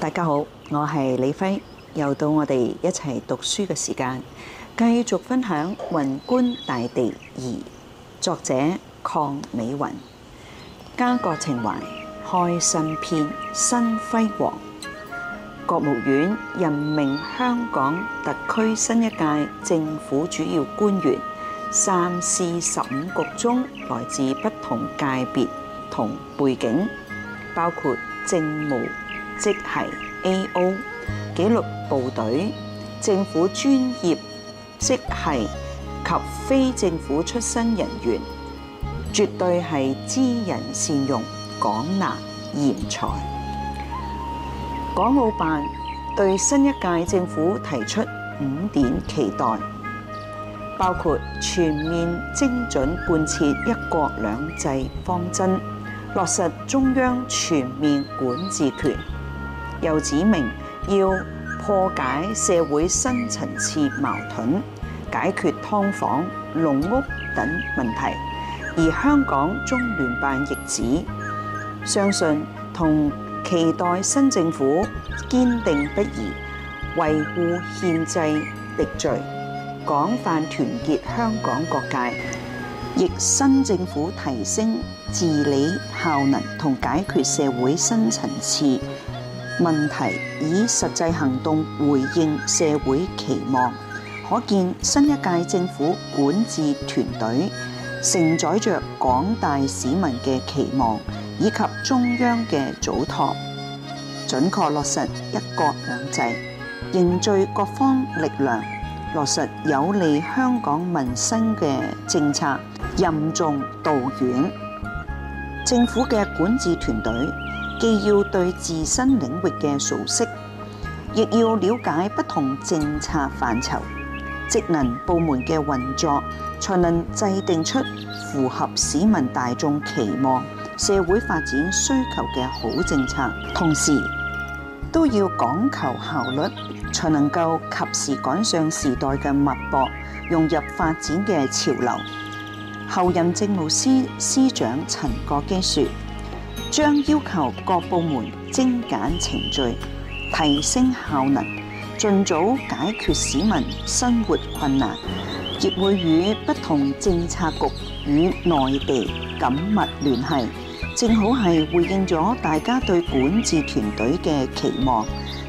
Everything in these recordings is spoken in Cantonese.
大家好，我係李輝，又到我哋一齊讀書嘅時間，繼續分享《雲觀大地二》，作者鄺美雲。家國情懷開新篇，新輝煌。國務院任命香港特區新一屆政府主要官員，三司十五局中來自不同界別同背景，包括政務。即係 A.O.、紀律部隊、政府專業職系及非政府出身人員，絕對係知人善用、廣納賢才。港澳辦對新一屆政府提出五點期待，包括全面精準貫徹一國兩制方針，落實中央全面管治權。又指明要破解社會深層次矛盾，解決劏房、籠屋等問題。而香港中聯辦亦指，相信同期待新政府堅定不移維護憲制秩序，廣泛團結香港各界，亦新政府提升治理效能同解決社會深層次問題以實際行動回應社會期望，可見新一屆政府管治團隊承載着廣大市民嘅期望，以及中央嘅囑託，準確落實一國兩制，凝聚各方力量，落實有利香港民生嘅政策，任重道遠。政府嘅管治團隊。既要對自身領域嘅熟悉，亦要了解不同政策範疇、職能部門嘅運作，才能制定出符合市民大眾期望、社會發展需求嘅好政策。同時，都要講求效率，才能夠及時趕上時代嘅脈搏，融入發展嘅潮流。後任政務司司長陳國基說。將要求各部門精簡程序，提升效能，盡早解決市民生活困難。亦會與不同政策局與內地緊密聯繫，正好係回應咗大家對管治團隊嘅期望，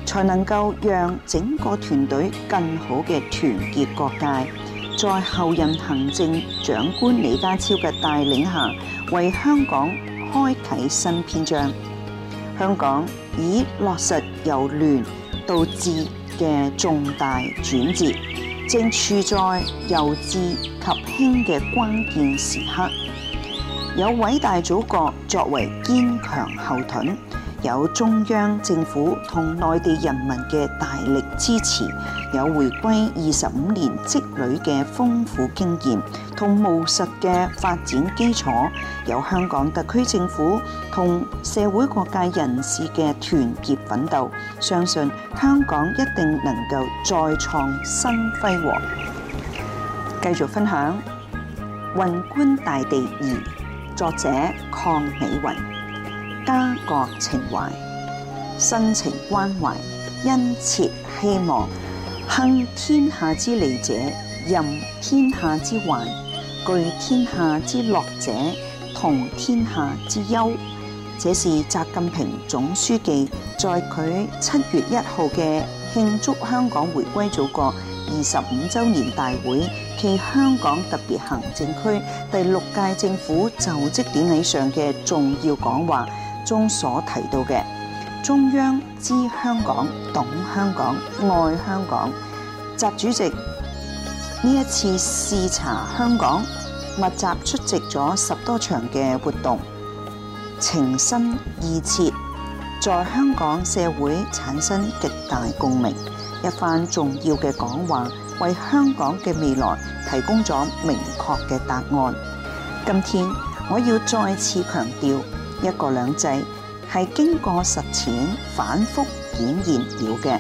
才能夠讓整個團隊更好嘅團結各界。在候任行政長官李家超嘅帶領下，為香港。開啓新篇章，香港已落實由亂到治嘅重大轉折，正處在由治及興嘅關鍵時刻，有偉大祖國作為堅強後盾。有中央政府同內地人民嘅大力支持，有回歸二十五年積累嘅豐富經驗同務實嘅發展基礎，有香港特區政府同社會各界人士嘅團結奮鬥，相信香港一定能夠再創新輝煌。繼續分享《雲觀大地二》，作者：鄺美雲。家國情懷、深情關懷、殷切希望，幸天下之利者任天下之患，具天下之樂者同天下之憂。這是習近平總書記在佢七月一號嘅慶祝香港回歸祖國二十五周年大會暨香港特別行政區第六屆政府就職典禮上嘅重要講話。中所提到嘅中央知香港、懂香港、愛香港，習主席呢一次視察香港，密集出席咗十多場嘅活動，情深意切，在香港社會產生極大共鳴。一番重要嘅講話，為香港嘅未來提供咗明確嘅答案。今天我要再次強調。一國兩制係經過實踐反覆檢驗了嘅，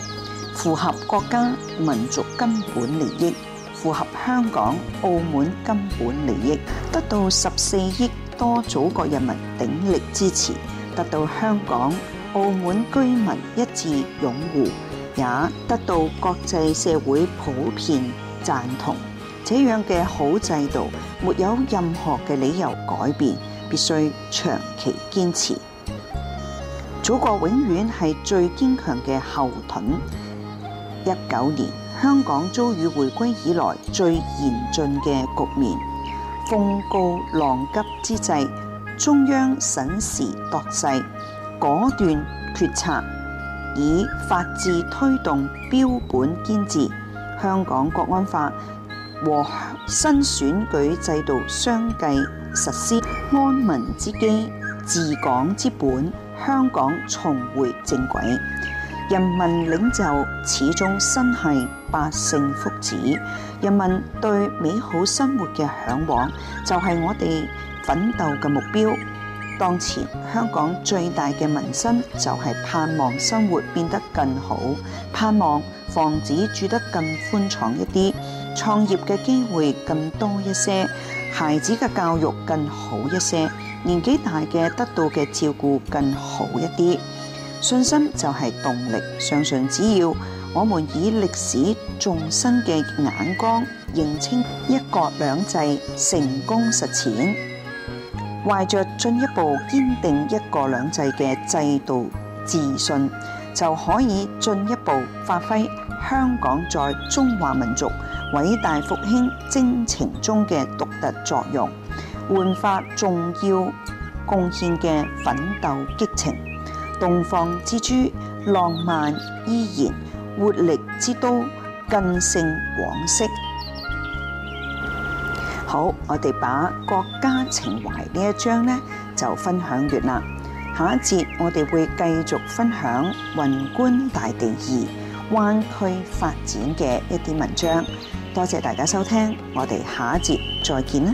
符合國家民族根本利益，符合香港、澳門根本利益，得到十四億多祖國人民鼎力支持，得到香港、澳門居民一致擁護，也得到國際社會普遍贊同。這樣嘅好制度，沒有任何嘅理由改變。必須長期堅持，祖國永遠係最堅強嘅後盾。一九年，香港遭遇回歸以來最嚴峻嘅局面，風高浪急之際，中央審時度勢，果斷決策，以法治推動標本兼治。香港國安法和新選舉制度相繼。實施，安民之基、治港之本，香港重回正軌。人民領袖始終身繫百姓福祉，人民對美好生活嘅向往就係、是、我哋奮鬥嘅目標。當前香港最大嘅民生就係盼望生活變得更好，盼望房子住得更寬敞一啲，創業嘅機會更多一些，孩子嘅教育更好一些，年紀大嘅得到嘅照顧更好一啲。信心就係動力，相信只要我們以歷史縱深嘅眼光認清一國兩制成功實踐。懷着進一步堅定一國兩制嘅制度自信，就可以進一步發揮香港在中華民族偉大復興征程中嘅獨特作用，煥發重要貢獻嘅奮鬥激情。東方之珠，浪漫依然，活力之都，更勝往昔。好，我哋把國家情懷呢一章呢就分享完啦。下一節我哋會繼續分享雲觀大地二、灣區發展嘅一啲文章。多謝大家收聽，我哋下一節再見啦。